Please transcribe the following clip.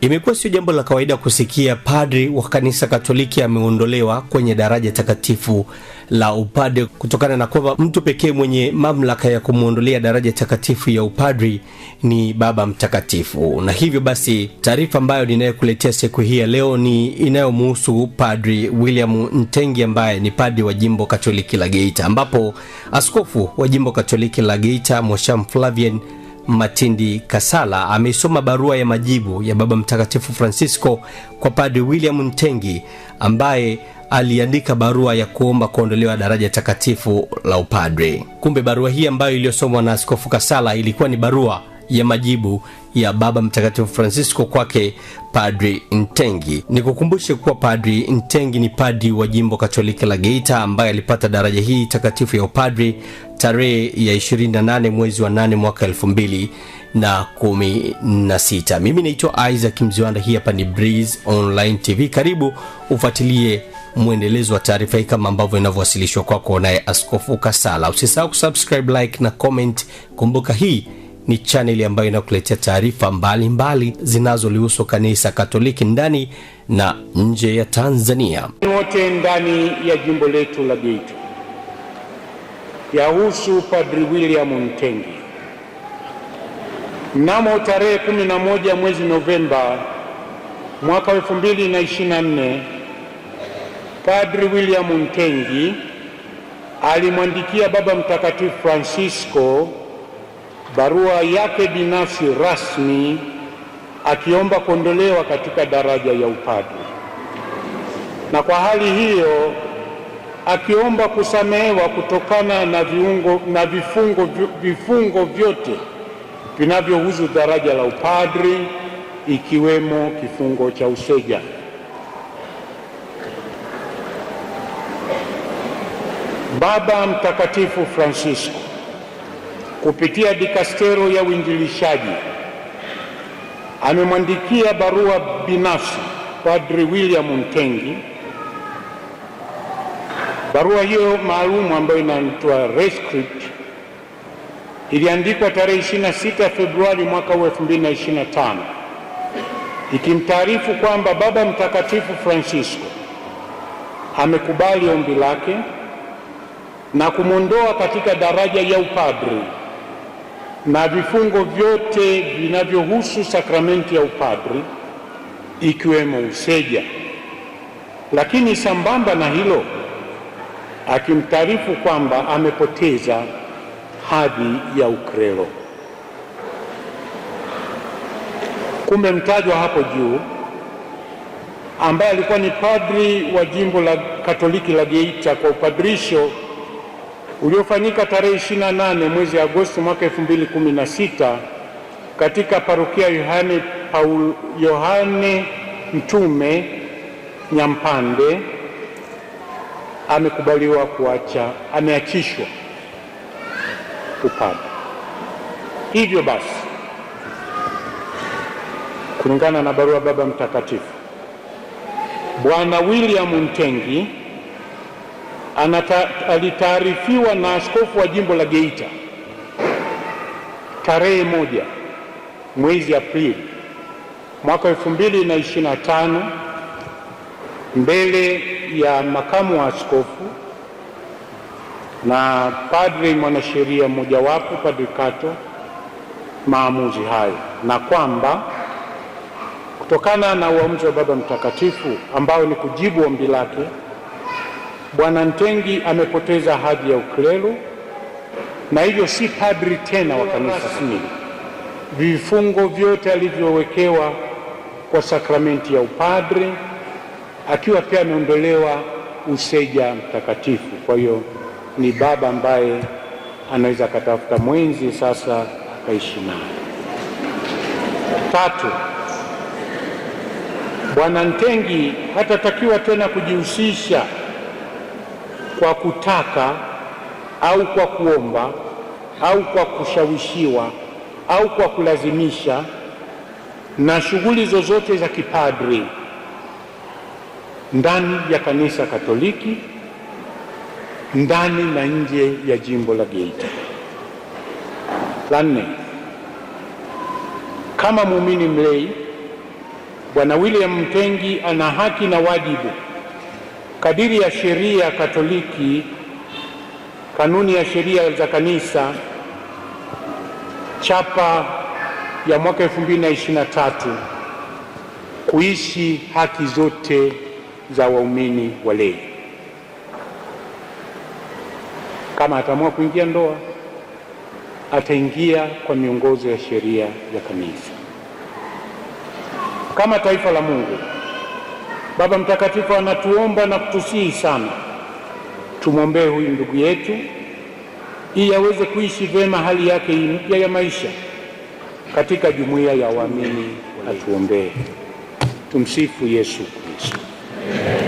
Imekuwa sio jambo la kawaida kusikia padri wa kanisa Katoliki ameondolewa kwenye daraja takatifu la upadri kutokana na kwamba mtu pekee mwenye mamlaka ya kumwondolea daraja takatifu ya upadri ni Baba Mtakatifu. Na hivyo basi, taarifa ambayo ninayokuletea siku hii ya leo ni inayomuhusu Padri William Ntengi ambaye ni padri wa jimbo Katoliki la Geita, ambapo askofu wa jimbo Katoliki la Geita mosham Flavian Matindi Kasala ameisoma barua ya majibu ya Baba Mtakatifu Francisco kwa Padri William Ntengi ambaye aliandika barua ya kuomba kuondolewa daraja takatifu la upadre. Kumbe barua hii ambayo iliyosomwa na Askofu Kasala ilikuwa ni barua ya majibu ya Baba Mtakatifu Francisco kwake Padri Ntengi. Nikukumbushe kuwa Padri Ntengi ni padri wa jimbo Katoliki la Geita ambaye alipata daraja hii takatifu ya upadri tarehe ya 28 mwezi wa 8 mwaka 2016. Mimi naitwa Isaac Mziwanda, hii hapa ni Breeze Online TV. Karibu ufuatilie mwendelezo wa taarifa hii kama ambavyo inavyowasilishwa kwako naye Askofu Kasala. Usisahau kusubscribe, like na comment. Kumbuka hii ni chaneli ambayo inakuletea taarifa mbalimbali zinazolihusu kanisa Katoliki ndani na nje ya Tanzania, wote ndani ya jimbo letu la Geita yahusu Padri William Ntengi. Mnamo tarehe 11 mwezi Novemba mwaka 2024, Padri William Ntengi alimwandikia Baba Mtakatifu Francisco barua yake binafsi rasmi akiomba kuondolewa katika daraja ya upadri, na kwa hali hiyo akiomba kusamehewa kutokana na viungo, na vifungo, vifungo vyote vinavyohusu daraja la upadri ikiwemo kifungo cha useja. Baba Mtakatifu Francisco kupitia dikastero ya uinjilishaji amemwandikia barua binafsi Padri William Mtengi Barua hiyo maalum ambayo inaitwa rescript iliandikwa tarehe 26 Februari mwaka 2025 ikimtaarifu kwamba Baba Mtakatifu Francisco amekubali ombi lake na kumwondoa katika daraja ya upadri na vifungo vyote vinavyohusu sakramenti ya upadri ikiwemo useja. Lakini sambamba na hilo akimtaarifu kwamba amepoteza hadhi ya ukrelo. Kumbe mtajwa hapo juu ambaye alikuwa ni padri wa jimbo la Katoliki la Geita kwa upadirisho uliofanyika tarehe 28 mwezi Agosti mwaka 2016 katika parokia Yohane Paul Yohane Mtume Nyampande amekubaliwa kuacha, ameachishwa upadre. Hivyo basi, kulingana na barua Baba Mtakatifu, Bwana William Ntengi anata, alitaarifiwa na askofu wa jimbo la Geita tarehe moja mwezi Aprili mwaka 2025 mbele ya makamu wa askofu na padri mwanasheria mmojawapo, Padri Kato, maamuzi hayo na kwamba kutokana na uamuzi wa Baba Mtakatifu ambao ni kujibu ombi lake, Bwana Ntengi amepoteza hadhi ya ukleru na hivyo si padri tena wa kanisa hili. Vifungo vyote alivyowekewa kwa sakramenti ya upadri akiwa pia ameondolewa useja mtakatifu. Kwa hiyo ni baba ambaye anaweza akatafuta mwenzi sasa akaishi naye. Tatu, Bwana Ntengi hatatakiwa tena kujihusisha kwa kutaka au kwa kuomba au kwa kushawishiwa au kwa kulazimisha na shughuli zozote za kipadri ndani ya kanisa Katoliki, ndani na nje ya jimbo la Geita. La nne, kama muumini mlei, Bwana William Mtengi ana haki na wajibu kadiri ya sheria Katoliki, kanuni ya sheria za kanisa chapa ya mwaka 2023 kuishi haki zote za waumini wa leo. Kama ataamua kuingia ndoa, ataingia kwa miongozo ya sheria ya kanisa. Kama taifa la Mungu, Baba Mtakatifu anatuomba na kutusihi sana tumwombee huyu ndugu yetu ili aweze kuishi vyema hali yake hii mpya ya maisha katika jumuiya ya waamini. Atuombee. Tumsifu Yesu Kristo. Amen.